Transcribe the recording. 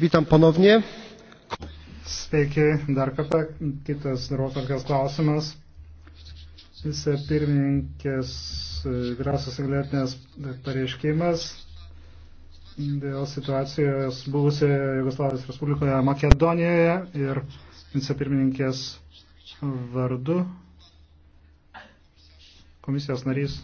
Witam ponownie. Sveiki, dar kartą kitas darbotvarkės klausimas. Vice pirmininkės e, vyriausios įgalėtinės pareiškimas dėl situacijos buvusioje Jugoslavijos Respublikoje Makedonijoje ir vice pirmininkės vardu komisijos narys